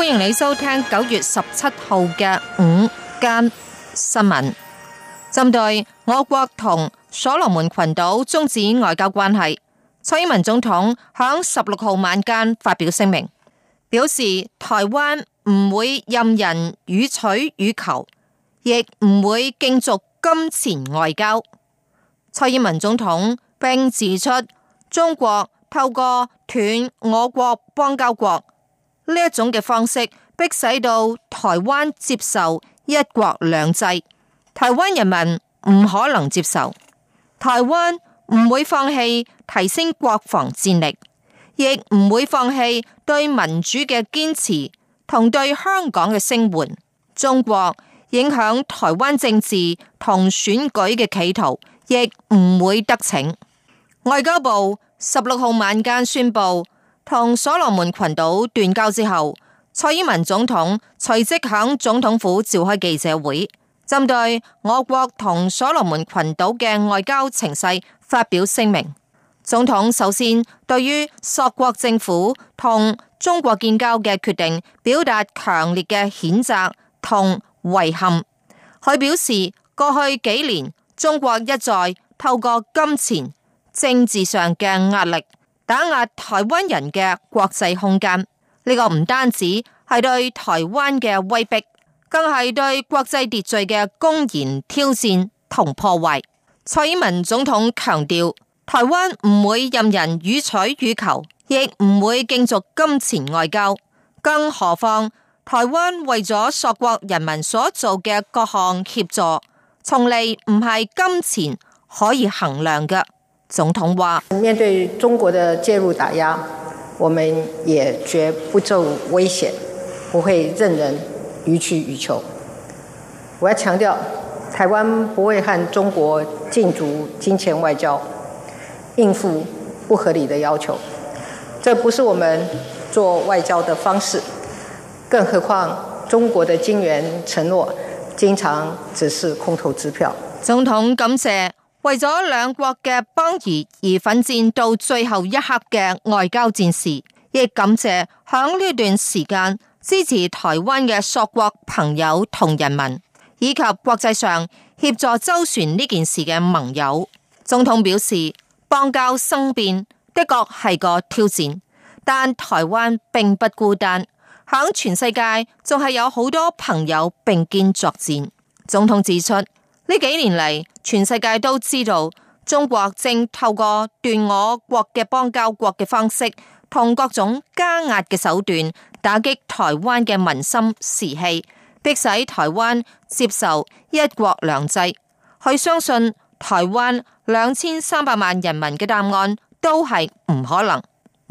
歡迎你收聽九月十七號嘅午間新聞。針對我國同所羅門群島終止外交關係，蔡英文總統響十六號晚間發表聲明，表示台灣唔會任人予取予求，亦唔會競逐金錢外交。蔡英文總統並指出，中國透過斷我國邦交國。呢一種嘅方式，迫使到台灣接受一國兩制，台灣人民唔可能接受。台灣唔會放棄提升國防戰力，亦唔會放棄對民主嘅堅持同對香港嘅聲援。中國影響台灣政治同選舉嘅企圖，亦唔會得逞。外交部十六號晚間宣布。同所羅門群島斷交之後，蔡英文總統隨即喺總統府召開記者會，針對我國同所羅門群島嘅外交情勢發表聲明。總統首先對於索國政府同中國建交嘅決定，表達強烈嘅譴責同遺憾。佢表示，過去幾年中國一再透過金錢、政治上嘅壓力，打壓台灣人嘅國際空間，呢個唔單止係對台灣嘅威逼，更係對國際秩序嘅公然挑戰同破壞。蔡英文總統強調，台灣唔會任人予取予求，亦唔會競逐金錢外交。更何況，台灣為咗索國人民所做嘅各項協助，從嚟唔係金錢可以衡量嘅。總統話：面對中國的介入打壓，我們也絕不受威脅，不會任人予取予求。我要強調，台灣不會和中國競逐金錢外交，應付不合理的要求。這不是我們做外交的方式。更何況，中國的金援承諾，經常只是空頭支票。總統感謝。為咗兩國嘅邦誼而奮戰到最後一刻嘅外交戰士，亦感謝響呢段時間支持台灣嘅索國朋友同人民，以及國際上協助周旋呢件事嘅盟友。總統表示，邦交生變的確係個挑戰，但台灣並不孤單，響全世界仲係有好多朋友並肩作戰。總統指出。呢幾年嚟，全世界都知道中國正透過斷我國嘅邦交國嘅方式，同各種加壓嘅手段打擊台灣嘅民心士氣，迫使台灣接受一國兩制。佢相信台灣兩千三百萬人民嘅答案都係唔可能，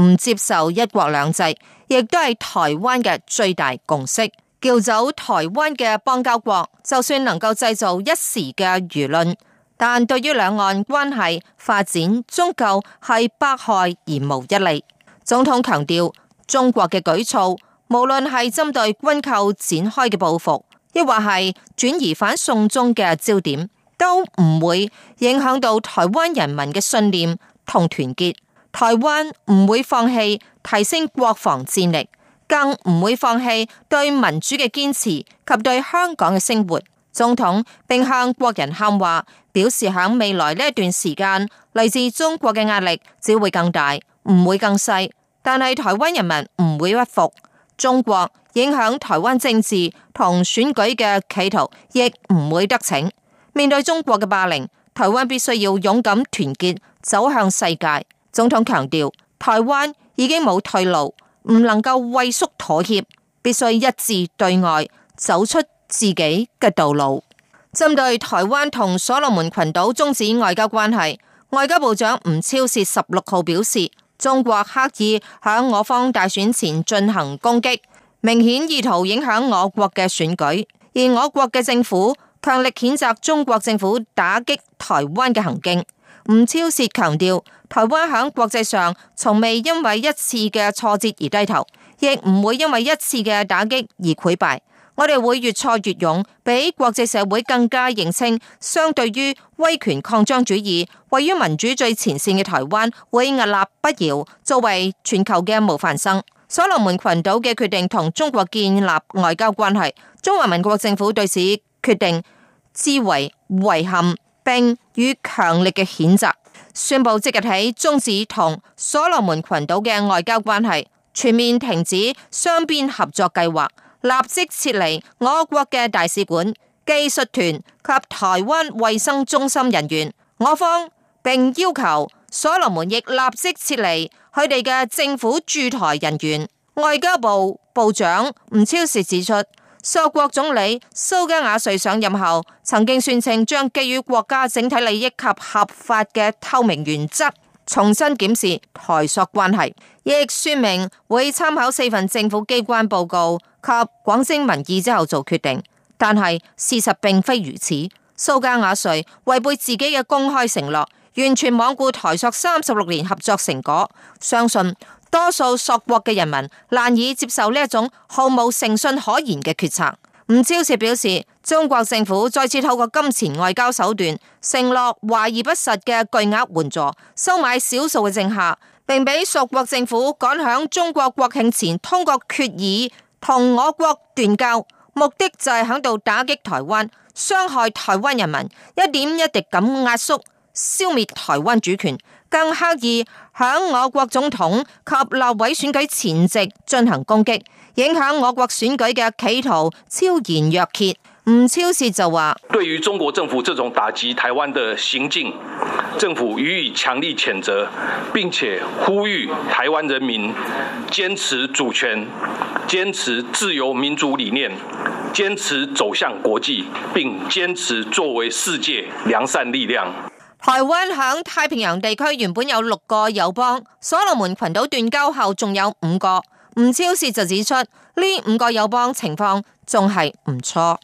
唔接受一國兩制，亦都係台灣嘅最大共識。調走台灣嘅邦交國，就算能夠製造一時嘅輿論，但對於兩岸關係發展，終究係百害而無一利。總統強調，中國嘅舉措，無論係針對軍購展開嘅報復，亦或係轉移反送中嘅焦點，都唔會影響到台灣人民嘅信念同團結。台灣唔會放棄提升國防戰力。更唔會放棄對民主嘅堅持及對香港嘅生活。總統並向國人喊話，表示響未來呢一段時間，嚟自中國嘅壓力只會更大，唔會更細。但係台灣人民唔會屈服，中國影響台灣政治同選舉嘅企圖亦唔會得逞。面對中國嘅霸凌，台灣必須要勇敢團結，走向世界。總統強調，台灣已經冇退路。唔能夠畏縮妥協，必須一致對外，走出自己嘅道路。針對台灣同所羅門群島終止外交關係，外交部長吳釗燮十六號表示，中國刻意喺我方大選前進行攻擊，明顯意圖影響我國嘅選舉，而我國嘅政府強力譴責中國政府打擊台灣嘅行徑。吳超涉強調，台灣喺國際上從未因為一次嘅挫折而低頭，亦唔會因為一次嘅打擊而潰敗。我哋會越挫越勇，比國際社會更加認清，相對於威權擴張主義，位於民主最前線嘅台灣會屹立不搖，作為全球嘅模範生。所羅門群島嘅決定同中國建立外交關係，中華民國政府對此決定之為遺憾，並與強力嘅譴責，宣布即日起終止同所羅門群島嘅外交關係，全面停止雙邊合作計劃，立即撤離我國嘅大使館技術團及台灣衛生中心人員。我方並要求所羅門亦立即撤離佢哋嘅政府駐台人員。外交部部長吳釗燮指出。索國總理蘇加雅瑞上任後，曾經宣稱將基於國家整體利益及合法嘅透明原則，重新檢視台索關係，亦說明會參考四份政府機關報告及廣徵民意之後做決定。但係事實並非如此，蘇加雅瑞違背自己嘅公開承諾，完全罔顧台索三十六年合作成果，相信。多數索國嘅人民難以接受呢一種毫無誠信可言嘅決策。吳釗燮表示，中國政府再次透過金錢外交手段，承諾華而不實嘅巨額援助，收買少數嘅政客，並俾索國政府趕響中國國慶前通過決議同我國斷交，目的就係響度打擊台灣，傷害台灣人民，一點一滴咁壓縮。消滅台灣主權，更刻意響我國總統及立委選舉前夕進行攻擊，影響我國選舉嘅企圖昭然若揭。吳釗燮就說就話：對於中國政府這種打擊台灣的行徑，政府予以強力譴責，並且呼籲台灣人民堅持主權，堅持自由民主理念，堅持走向國際，並堅持作為世界良善力量。台灣響太平洋地區原本有六個友邦，所羅門群島斷交後仲有五個。吳釗燮就指出，呢五個友邦情況仲係唔錯。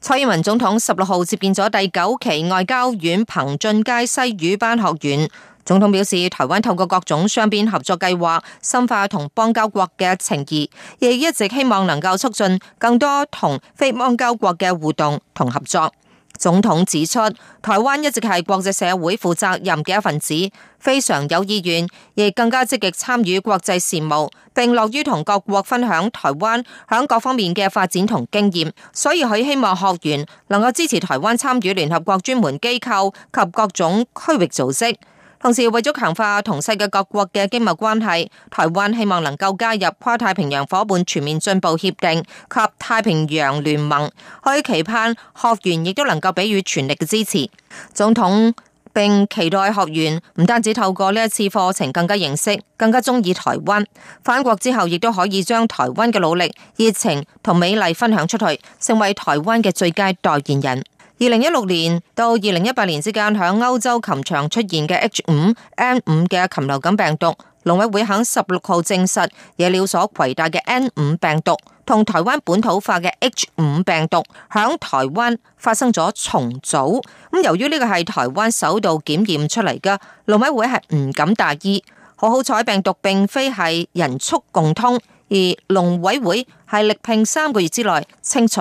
蔡英文總統十六號接見咗第九期外交院彭俊佳西語班學員。總統表示，台灣透過各種雙邊合作計劃，深化同邦交國嘅情誼，亦一直希望能夠促進更多同非邦交國嘅互動同合作。總統指出，台灣一直係國際社會負責任嘅一份子，非常有意願，亦更加積極參與國際事務，並樂於同各國分享台灣響各方面嘅發展同經驗。所以佢希望學員能夠支持台灣參與聯合國專門機構及各種區域組織。同時為咗強化同世界各國嘅經貿關係，台灣希望能夠加入跨太平洋夥伴全面進步協定及太平洋聯盟，可以期盼學員亦都能夠給予全力嘅支持。總統並期待學員唔單止透過呢一次課程更加認識、更加鍾意台灣，返國之後亦都可以將台灣嘅努力、熱情同美麗分享出去，成為台灣嘅最佳代言人。二零一六年到二零一八年之間，喺歐洲禽場出現嘅 H 五 N 五嘅禽流感病毒，農委會喺十六號證實野鳥所攜帶嘅 N 五病毒同台灣本土化嘅 H 五病毒喺台灣發生咗重組。咁由於呢個係台灣首度檢驗出嚟噶，農委會係唔敢大意。好好彩，病毒並非係人畜共通，而農委會係力拼三個月之內清除。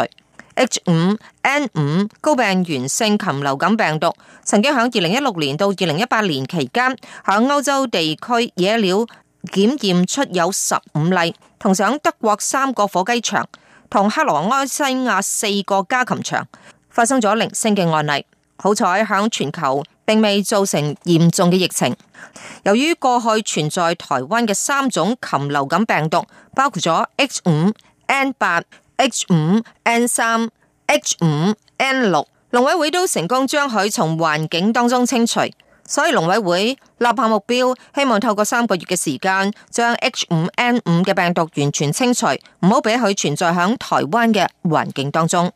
H 五 N 五高病原性禽流感病毒，曾經喺二零一六年到二零一八年期間，喺歐洲地區野鳥檢驗出有十五例，同時，德國三個火雞場同克羅埃西亞四個家禽場發生咗零星嘅案例。好彩喺全球並未造成嚴重嘅疫情。由於過去存在台灣嘅三種禽流感病毒，包括咗 H 五 N 八。H 五 N 三、H 五 N 六，農委會都成功將佢從環境當中清除，所以農委會立下目標，希望透過三個月嘅時間，將 H 五 N 五嘅病毒完全清除，唔好俾佢存在響台灣嘅環境當中。